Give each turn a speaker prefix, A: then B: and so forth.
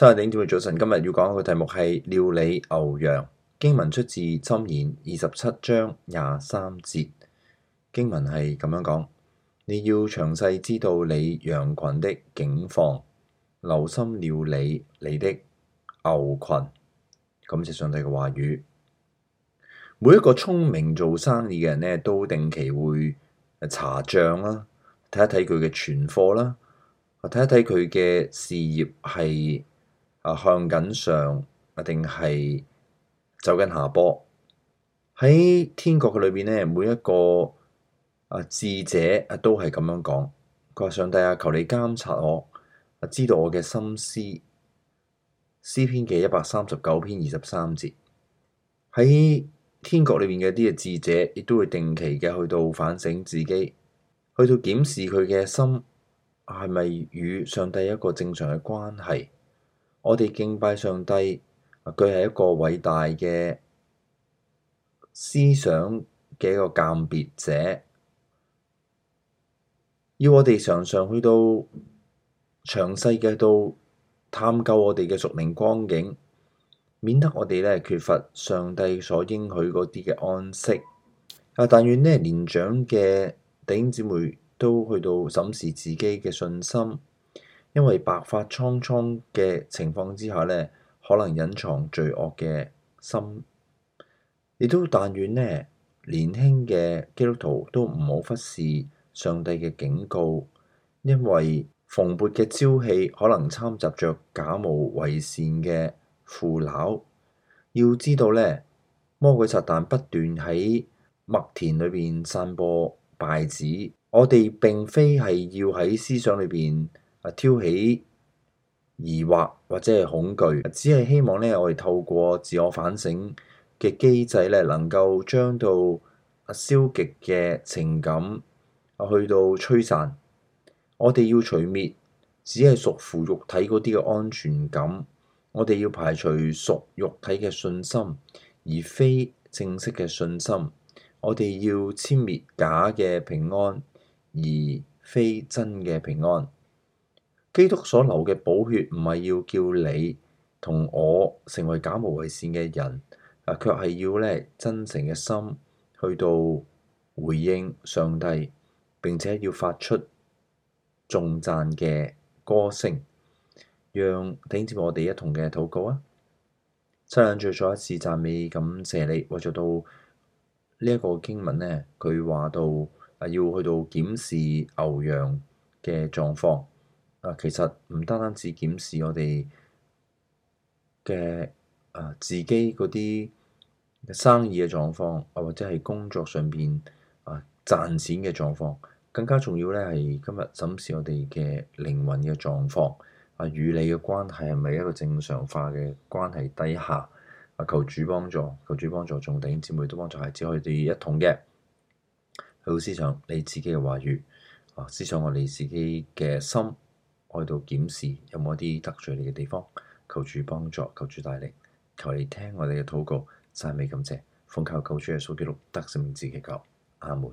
A: 差人頂，各位早晨。今日要講嘅題目係料理牛羊。經文出自《箴言》二十七章廿三節。經文係咁樣講：你要詳細知道你羊群的景況，留心料理你的牛群。感謝上帝嘅話語。每一個聰明做生意嘅人呢，都定期會查賬啦，睇一睇佢嘅存貨啦，睇一睇佢嘅事業係向緊上啊，定係走緊下坡。喺天國嘅裏邊咧，每一個啊智者啊都係咁樣講。佢話：上帝啊，求你監察我啊，知道我嘅心思。詩篇嘅一百三十九篇二十三節。喺天國裏面嘅啲啊智者，亦都會定期嘅去到反省自己，去到檢視佢嘅心係咪與上帝一個正常嘅關係。我哋敬拜上帝，佢係一個偉大嘅思想嘅一個鑑別者，要我哋常常去到詳細嘅到探究我哋嘅屬靈光景，免得我哋咧缺乏上帝所應許嗰啲嘅安息。啊！但願咧年長嘅弟兄姊妹都去到審視自己嘅信心。因為白髮蒼蒼嘅情況之下呢，可能隱藏罪惡嘅心。亦都但願呢，年輕嘅基督徒都唔好忽視上帝嘅警告，因為蓬勃嘅朝氣可能摻雜着假冒為善嘅腐朽。要知道呢，魔鬼撒旦不斷喺麥田裏邊散播稗子。我哋並非係要喺思想裏邊。啊，挑起疑惑或者係恐懼，只係希望咧，我哋透過自我反省嘅機制咧，能夠將到啊消極嘅情感去到吹散。我哋要除滅，只係屬乎肉體嗰啲嘅安全感。我哋要排除屬肉體嘅信心，而非正式嘅信心。我哋要殲滅假嘅平安，而非真嘅平安。基督所流嘅寶血唔係要叫你同我成為假冒偽善嘅人，啊，卻係要咧真誠嘅心去到回應上帝，並且要發出頌讚嘅歌聲。讓頂接我哋一同嘅禱告啊，趁兩聚再一次讚美感謝你。話到呢一個經文呢，佢話到啊，要去到檢視牛羊嘅狀況。啊，其實唔單單只檢視我哋嘅啊自己嗰啲生意嘅狀況，啊或者係工作上邊啊賺錢嘅狀況，更加重要咧係今日審視我哋嘅靈魂嘅狀況啊，與你嘅關係係咪一個正常化嘅關係底下啊？求主幫助，求主幫助，助，眾弟兄姊妹都幫助，係只可以對一統嘅好思想你自己嘅話語啊，思想我哋自己嘅心。愛到檢視有冇一啲得罪你嘅地方，求主幫助，求主帶領，求你聽我哋嘅禱告，讚美感謝，奉靠救主嘅所記錄得勝名字嘅求，阿門。